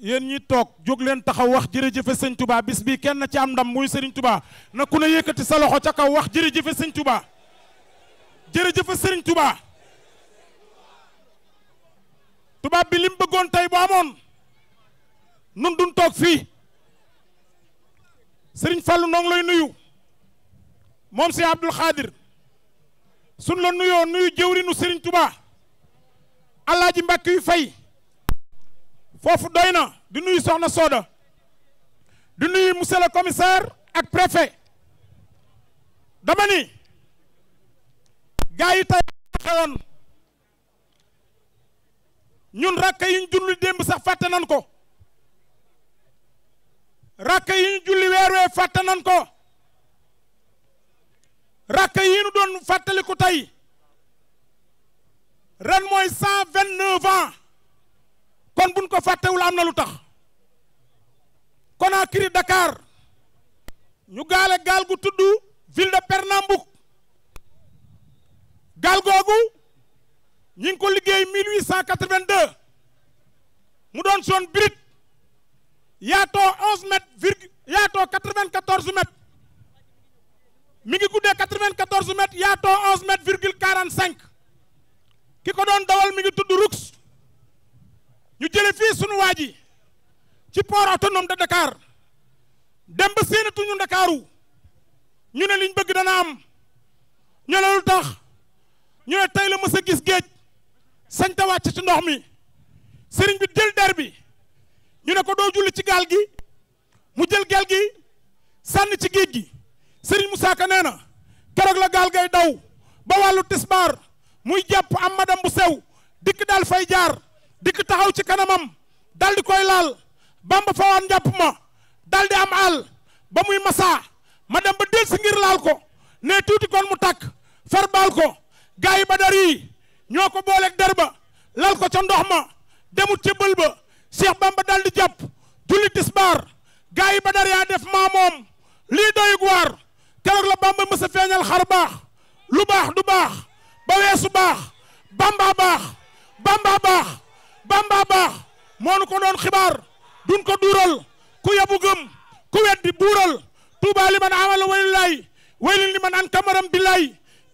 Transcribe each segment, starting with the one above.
yéen ñi toog jóg leen taxaw wax jërëjëfe sëñ tubaa bis bii kenn ci am ndam muy Serigne Touba na ku ne yëkkati sa loxo ca kaw wax jërëjëfe sëñ Touba jërëjëfe sëriñ Touba tubaab bi lim bëggoon tey bu amoon nun duñ toog fii sëriñ falu noo lay nuyu moom si Abdoul Khadir sun la nuyoo nuyu jëwrinu Serigne Touba Alaaji Mbàkke yu fay foofu doy na di nuyu soxna Soda di nuyu monsieur commissaire ak préfet dama ni gars yi tey xewoon ñun rakk yi ñu julli démb sax fàtte nan ko rakk yi ñu julli weer wee fàtte nan ko rakk yi ñu doon fàttaliku tey ren mooy cent vingt neuf ans kon buñ ko fàttewul am na lu tax Conakry Dakar ñu gaale gaal gu tudd ville de Pernambouc gaal googu ñi ngi ko liggéey 1882 mu doon zone brute yaatoo 11 mètres virgule yaatoo 94 mètres mi ngi guddee 94 mètres yaatoo 11 mètres virgule ki ko doon dawal mi ngi tudd Roux ñu jële fii sunu waa ji ci port autonome de Dakar dem ba séenatuñu ndakaaru ñu ne liñ bëgg dana am ñu ne tax ñu ne tey la mës gis géej sañ ta wàcc ci ndox mi sëriñ bi jël der bi ñu ne ko doo julli ci gaal gi mu jël gaal gi sànni ci géej gi sëriñ mu Ka nee na keroog la gaal gay daw ba wàllu tisbaar muy jàpp am madam bu sew dikk daal fay jaar dikk taxaw ci kanamam dal di koy laal bamba fawaan njàpp ma dal di am àll ba muy masaa ma dem ba del si ngir laal ko ne tuuti kon mu tàkk far baal ko gars yi ba dar yi ñoo ko booleeg der ba lal ko ca ndox ma demut ca bël ba Cheikh Bamba dal di jàpp julli tisbaar gars yi ba dar yaa def maa moom lii doyug waar keroog la Bamba mës a feeñal xar baax lu baax du baax ba weesu baax Bamba baax Bamba baax bamba baax moo ko doon xibaar duñ ko duural ku yabu gëm ku weddi buural tuuba man amala waylullaay waylin man an kamaram billaay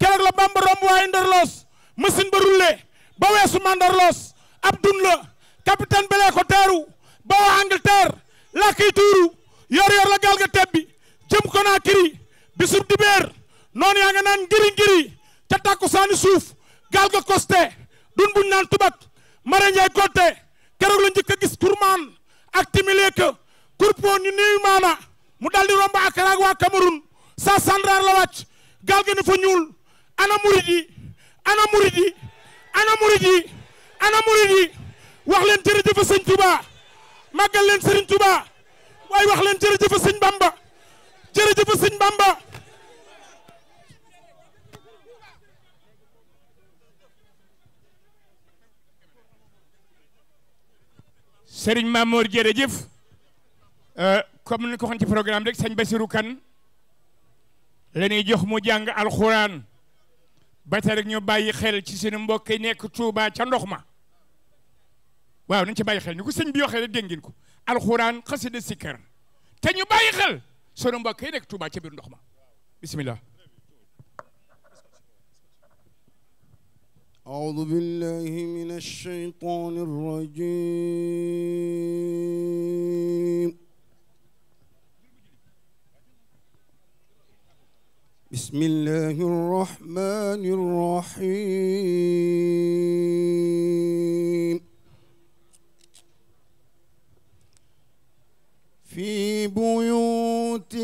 keroog la bamba romb waaye ndarloos machine ba rulle ba weesu ma ndarloos ab dun la capitaine belee ko teeru ba waa Angleterre làkkiy tuuru yor la gal tebbi jëm ko naa kiri bisub dibeer noonu yaa nga naan ngiri ngiri ca tàkku saani suuf gal koste dun buñ naan tubat Mara Ndiaye Konte keroog la njëkk a gis Kourmane ak Timileke Kourpon ñu néew maana mu daldi di romb Accra ak waa Cameroun sa sandrar la wàcc gaal gi ni fa ñuul ana murid yi ana murid yi ana murid yi ana murid yi wax leen jërëjëf sëñ Touba màggal leen Serigne Touba waaye wax leen jërëjëf sëñ Bamba jërëjëf sëñ Bamba Serigne Mamour jërëjëf euh, comme ni ko waxoon ci programme rek sañ Basirou Kane la ñuy jox mu jàng alxuraan ba tey rek ñu bàyyi xel ci suñu mbokk yi nekk Touba ca ndox ma waaw nañ bàyyi xel ni ko sëñ bi waxee rek dégg ngeen ko alxuraan xasida sikkar te ñu bàyyi xel suñu mbokk yi nekk Touba ca biir ndox ma bisimilah. أعوذ بالله من الشيطان الرجيم بسم الله الرحمن الرحيم في بيوت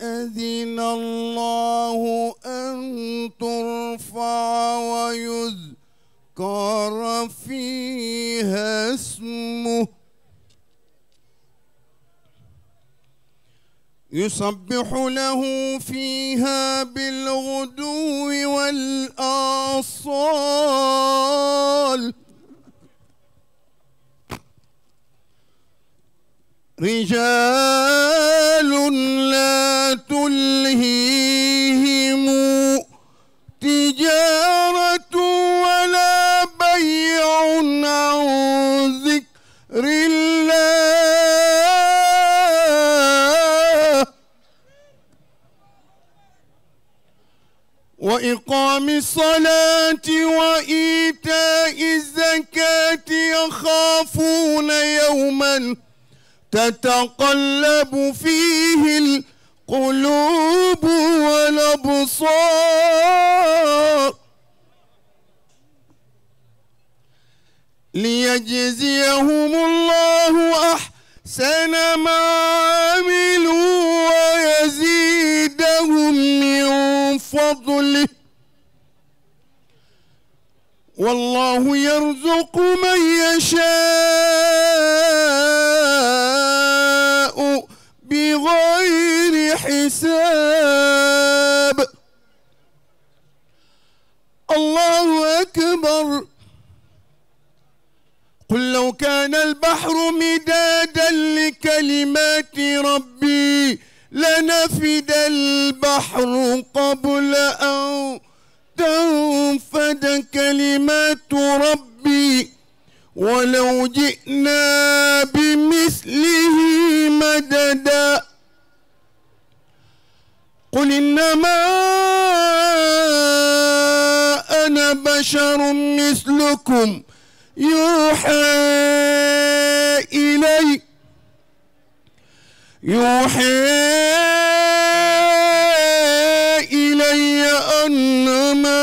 أذن الله أن ترى ويذكر فيها اسمه يسبح له فيها بالغدو والآصال رجال لا تلهيهم تجارة الله وإقام الصلاة وإيتاء الزكاة يخافون يوما تتقلب فيه القلوب والأبصار ليجزيهم الله أحسن ما عملوا ويزيدهم من فضله والله يرزق من يشاء بغير حساب الله أكبر كان البحر مدادا لكلمات ربي لنفد البحر قبل أن تنفد كلمات ربي ولو جئنا بمثله مددا قل إنما أنا بشر مثلكم يوحى إلي يوحى إلي أنما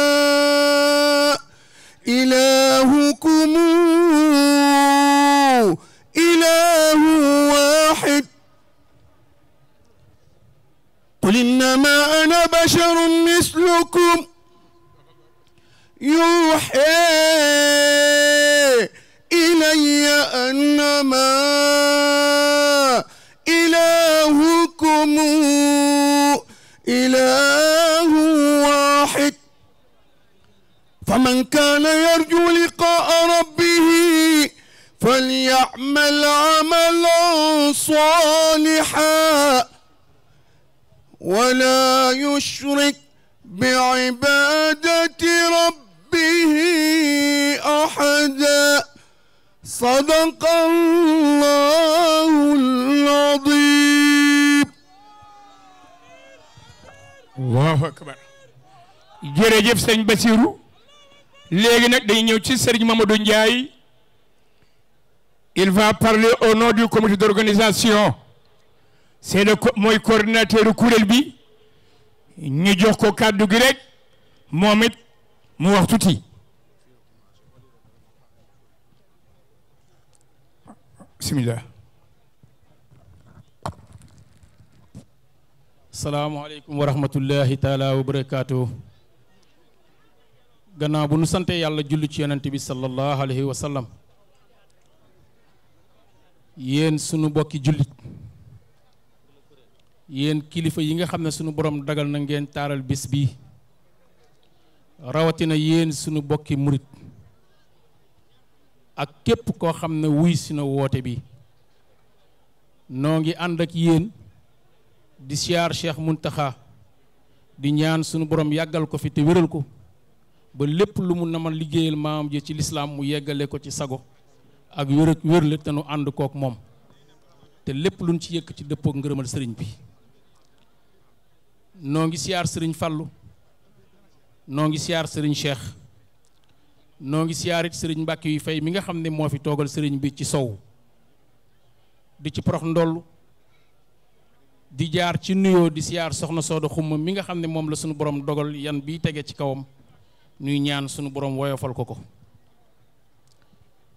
إلهكم إله واحد قل إنما أنا بشر مثلكم يوحى إلي أنما إلهكم إله واحد فمن كان يرجو لقاء ربه فليعمل عملا صالحا ولا يشرك بعبادة ربه صدق الله العظيم الله أكبر jërëjëf sëñ Basirou léegi nag day ñëw ci Serigne Mamadou Ndiaye il va parler au nom du comité d'organisation c'est le mooy coordinateur kuréel bi ñu jox ko kàddu gi rek moom it mu wax bisimilah. salaamaaleykum wa rahmatullahi taala wa barakaatu. gannaaw bu nu sante yàlla julli ci yonent bi sallallahu wa sallam. yéen sunu bokki jullit. yéen kilifa yi nga xam ne sunu borom dagal na ngeen taaral bis bii. rawatina yéen sunu bokki murit. ak képp koo xam ne wuy si na woote bi noo ngi ànd ak yéen di siyaar Cheikh Muntaxa di ñaan sunu boroom yàggal ko fi te wéral ko ba lépp lu mu namal liggéeyal maam ci lislaam mu yeggale ko ci sago ak wér ak wérle te nu ànd kook moom te lépp luñ ci yëkk ci dëppook ngërëmal sëriñ bi noo ngi siyaar sëriñ Fallu noo ngi siyaar sëriñ Cheikh noo ngi siyaarit sëriñ mbàkk yu fay mi nga xam ne moo fi toogal sëriñ bi ci sow di ci porox ndoll di jaar ci nuyoo di siyaar soxna sooda xumma mi nga xam ne moom la suñu borom dogal yan bi tege ci kawam ñuy ñaan suñu borom woyofal ko ko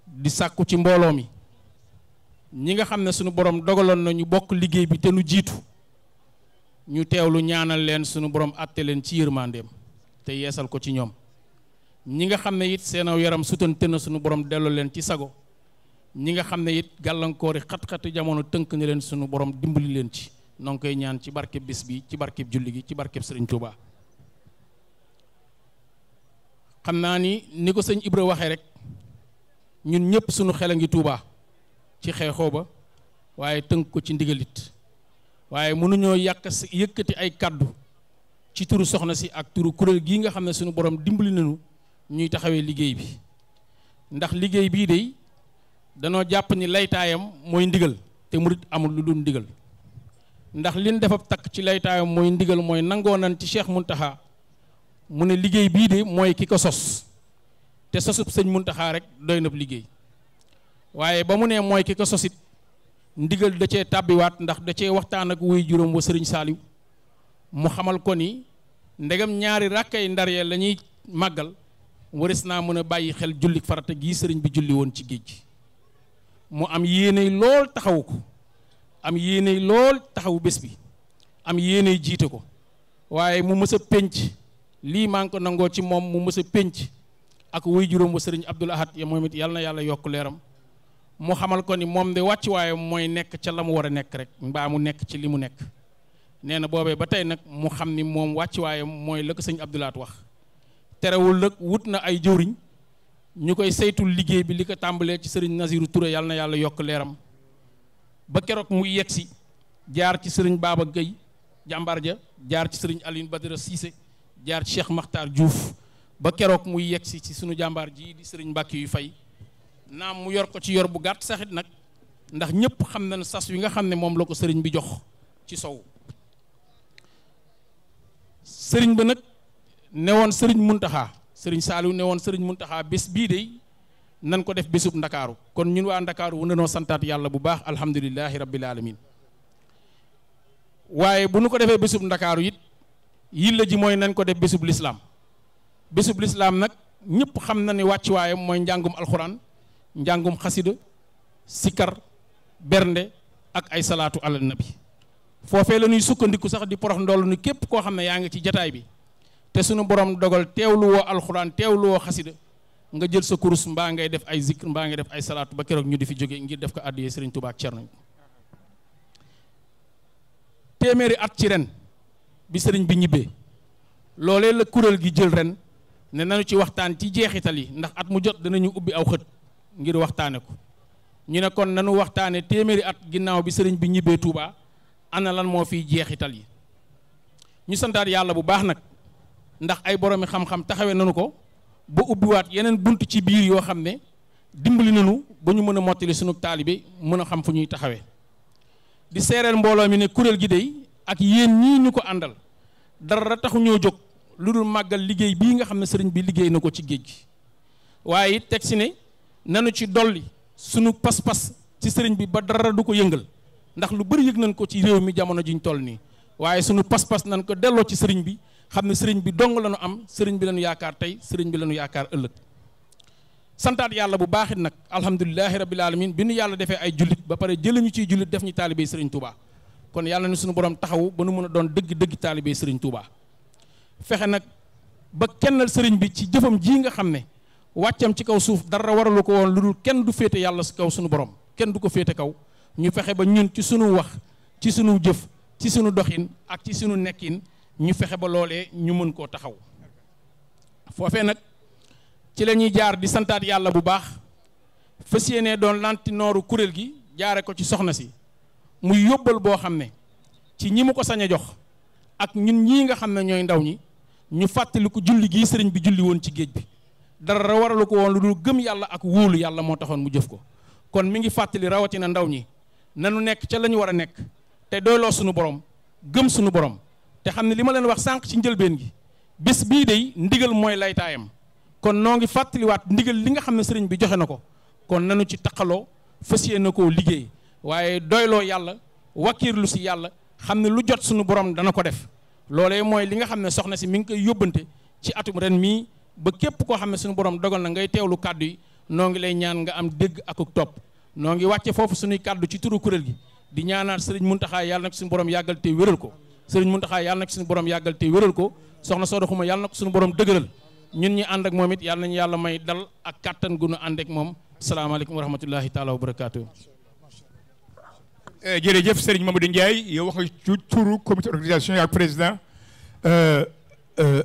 di sàkku ci mbooloo mi ñi nga xam ne suñu borom dogaloon na ñu bokk liggéey bi te nu jiitu ñu teewlu ñaanal leen sunu borom àtte leen ci yërmandeem te yeesal ko ci ñoom ñi nga xam ne it seenaw yaram sutante na suñu borom delloo leen ci sago ñi nga xam ne it gàllankoori xat-xatu jamono tënk na leen suñu borom dimbali leen ci noo ngi koy ñaan ci barkeb bis bi ci barkeb julli gi ci barkeb sëriñ Touba. xam naa ni ni ko sëñ Ibra waxee rek ñun ñëpp suñu xel a ngi tuuba ci xeexoo ba waaye tënk ko ci ndigalit waaye mënuñoo yàq si yëkkati ay kàddu ci turu soxna si ak turu kuréel gii nga xam ne suñu borom dimbali nañu. ñuy taxawee liggéey bi ndax liggéey bii de danoo jàpp ni laytaayam mooy ndigal te murit amul lu dul ndigal ndax lin defab takk ci laytaayam mooy ndigal mooy nangoo nan ci Cheikh Muntaxa mu ne liggéey bii de mooy ki ko sos te sosub sëñ Muntaxa rek doy na liggéey waaye ba mu ne mooy ki ko sosit ndigal da cee tàbbiwaat ndax da cee waxtaan ak wuy juróom wa sëriñ Saaliw mu xamal ko ni ndegam ñaari ràkkay ndar ya la màggal waris naa mën a bàyyi xel julli farata gii sëriñ bi julli woon ci géej gi mu am yéeney lool taxawu ko am yéeney lool taxawu bés bi am yéeney jiite ko waaye mu mës a pénc lii maa ko nangoo ci moom mu mës a pénc ak way juróom wa sëriñ Abdul Ahad ya moom it yàlla na yàlla yokk leeram mu xamal ko ni moom de wàcc waaye mooy nekk ca la mu war a nekk rek mbaa mu nekk ci li mu nekk nee na boobee ba tey nag mu xam ni moom wàcc waaye mooy la ko sëñ Abdul Ahad wax terewul nag wut na ay jëwriñ ñu koy seytul liggéey bi li ko tàmbalee ci sëriñ Nasiru Touré yàlla na yàlla yokk leeram ba keroog muy yegg si jaar ci sëriñ baaba Gueye jàmbaar ja jaar ci sëriñ Alioune Badara Cissé jaar ci Cheikh Makhtar juuf ba keroog muy yegg si ci sunu jàmbaar jii di sëriñ Mbàkke yu fay naam mu yor ko ci yor bu gàtt saxit nag ndax ñëpp xam na ne sas wi nga xam ne moom la ko sëriñ bi jox ci sow sëriñ ba nag ne woon sëriñ Muntaxa sëriñ Saaliw ne woon sëriñ Muntaxa bés bii de nan ko def bésub ndakaaru kon ñun waa ndakaaru wu nanoo santaat yàlla bu baax alhamdulilahi rabbil alamin waaye bu nu ko defee bésub ndakaaru yit yilla ji mooy nan ko def bésub lislaam bésub lislaam nag ñëpp xam na ni wàcc mooy njàngum alxuraan njàngum xasida sikar bernde ak ay salaatu ala nabi foofee la ñuy sukkandiku sax di porox ndoll ni képp koo xam ne yaa ngi ci jataay bi te sunu borom dogal teew lu woo alxuraan teewlu woo xasida nga jël sa kurus mbaa ngay def ay zikr mbaa ngay def ay salaatu ba keroog ñu di fi jóge ngir def ko àddiyee sëriñ Tuubaa ak at ci ren bi sëriñ bi ñibbee loolee kuréel gi jël ren ne nañu ci waxtaan ci jeexital yi ndax at mu jot danañu ubbi aw xët ngir waxtaane ko ñu ne kon nanu waxtaane téeméeri at ginnaaw bi sëriñ bi ñibbee Tuubaa ana lan moo fiy jeexital yi ñu santaat yàlla bu baax nag ndax ay boroomi xam-xam taxawee nañu ko ba ubbiwaat yeneen bunt ci biir yoo xam ne dimbali nañu ba ñu mën a mottali sunu taalibe mën a xam fu ñuy taxawee di seereel mbooloo mi ne kuréel gi dey ak yéen ñii ñu ko àndal dara taxu ñoo jóg lu dul màggal liggéey bii nga xam ne sëriñ bi liggéey na ko ci géej gi waaye it teg si ne nanu ci dolli sunu pas-pas ci sëriñ bi ba dara du ko yëngal ndax lu bari yëg nañ ko ci réew mi jamono jiñ toll nii waaye sunu pas nañ ko delloo ci sëriñ bi xam ne sëriñ bi dong la ñu am sëriñ bi la yaakaar tey sëriñ bi lanu yaakaar ëllëg santaat yàlla bu baaxit nag alhamdulilahi rabil alamin bi nu yàlla defee ay jullit ba pare jëliñu ciy jullit def ñu taalibey sëriñ Touba kon yàlla ni suñu borom taxawu ba nu mën a doon dëgg dëgg taalibey sëriñ Touba fexe nag ba kenn sëriñ bi ci jëfam ji nga xam ne wàccam ci kaw suuf dara waralu ko woon lu dul kenn du féete yàlla si kaw suñu borom kenn du ko féete kaw ñu fexe ba ñun ci sunu wax ci sunu jëf ci sunu doxin ak ci sunu nekkin ñu fexe ba loolee ñu mën koo taxaw foofe nag ci lañuy jaar di santaat yàlla bu baax fas yéene doon lantinooru kuréel gi jaare ko ci soxna si muy yóbbal boo xam ne ci ñi mu ko sañe jox ak ñun ñii nga xam ne ñooy ndaw ñi ñu fàttaliku julli gii sëriñ bi julli woon ci géej bi dara waralu ko woon lu dul gëm yàlla ak wóolu yàlla moo taxoon mu jëf ko kon mi ngi fàttali rawatina ndaw ñi nanu nekk ca la ñu war a nekk te doyloo suñu boroom gëm sunu borom te xam ne li ma leen wax sànq ci njëlbeen gi bis bii dey ndigal mooy laytaayam kon noo ngi fàttaliwaat ndigal li nga xam ne sëriñ bi joxe na ko kon nanu ci taqaloo fas yéene ko liggéey waaye doyloo yàlla wakkiirlu si yàlla xam ne lu jot suñu borom dana ko def loolee mooy li nga xam ne soxna si mi ngi koy yóbbante ci atum ren mii ba képp koo xam ne suñu borom dogal na ngay teewlu kàddu yi noo ngi lay ñaan nga am dégg ak akuk topp noo ngi wàcce foofu suñuy kàddu ci turu kuréel gi di ñaanaat sëriñ Muntaxa yàlla nag suñu borom yàggal wéral ko sëriñ Muntaxa yàlla na ko suñu borom yàggal te wéral ko soxna Soda Xuma yàlla na ko suñu borom dëgëral ñun ñi ànd ak moom it yàlla nañu yàlla may dal ak kàttan gu nu ànd ak moom salaamaaleykum wa rahmatullahi taala wa barakaatu. Eh, jërëjëf sëriñ Mamadou Ndiaye yow wax nga ci turu comité organisation ak président. Euh, euh,